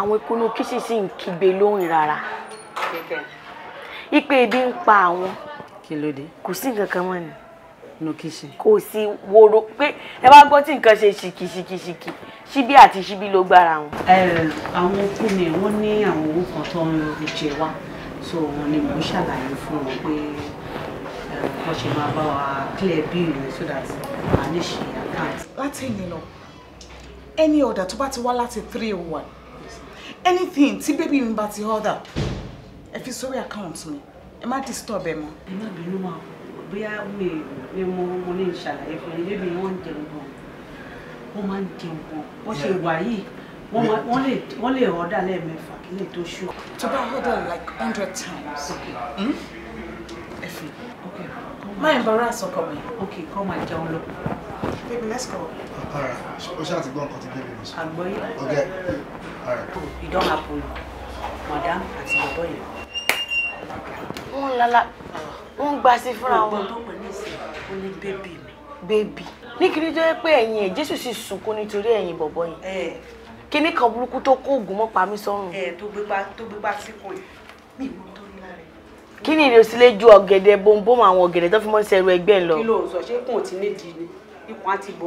àwọn ìkùnú kìsì sì ń kígbe lóhùn rárá ipe ebi ń pa àwọn kí ló dé kò sí nǹkan kan mọ́ ni no kìsì kò sí woro pé ẹ bá gbọ́ tí nǹkan ṣe ṣìkìṣìkìṣìkì ṣíbí àti ṣíbí ló gbára wọn. àwọn okú mi wọ́n ní àwọn owó kan tó ń jẹ wá so wọ́n ní mò ń ṣàlàyé fún wọn pé wọ́n ṣe máa bá wa clear bill rẹ̀ so that a lè ṣe àkáǹtì. látẹ̀yìn lọ ẹni ọ̀dà tó bá ti wá láti three oh one anything tí baby, mi bá ti order ẹ fi sórí account mi ẹ má disturb ẹ mọ́. ẹ má bínú máa bóyá mi mi mo mo ní ìṣàlàyé fún ẹ bébí wọn ń jẹun gan wọn máa ń jẹun gan wọn ṣe wà yìí wọ́n lè ọ̀dà lẹ́ẹ̀mẹ́fà kí lè tó ṣú. tó bá ọ̀dà like hundred times. Hmm? ẹ fi má embarrass ọkọ mi. Okay, come máa jẹun lọ. baby let's go. ọ̀rẹ́ o ṣáà ti gbọ́ nǹkan tí bébí mi sọ. àgbọ̀yé. You don't have happen madam àti bọ̀bọ̀ yẹn. wọ́n ń lala Oh, ń gba sí fúnra wọn. ọgbọ́n tó pè ní ìsìn ó ní bébì mi. to ní kí boy. Eh. Can you ẹ̀yìn ẹ̀ jésù sì sunkún nítorí ẹ̀yìn bọ̀bọ̀ yẹn. kíní kan burúkú tó kó oògùn mọ́ pa mí sọ́run. ẹ tó gbé pa tó gbé pa sí kan yìí mi ò tó ní lára ẹ. kí ni ìrèsí lè ju ọ̀gẹ̀dẹ̀ bombom àwọn ọ̀gẹ̀dẹ̀ tó fi mọ́ sẹ́rù ẹgbẹ́ lọ. kí ló ń sọ ṣé kùn ti ní di ni àti ìbò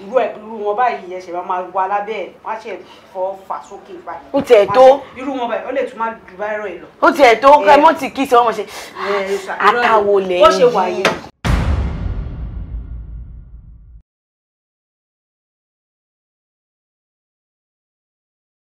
irú ẹ irú wọn báyìí ẹsẹ̀ wọn máa wà lábẹ́ ẹ̀ wọ́n á ṣe fọ́ fà sókè báyìí. ó tiẹ̀ tó irú wọn báyìí ó lè tún máa ju báyìí rọ̀ lọ. ó tiẹ̀ tó ẹ kí sọ wọn ṣe àtàwọ̀ lẹ́yìn. bó ṣe wà yẹn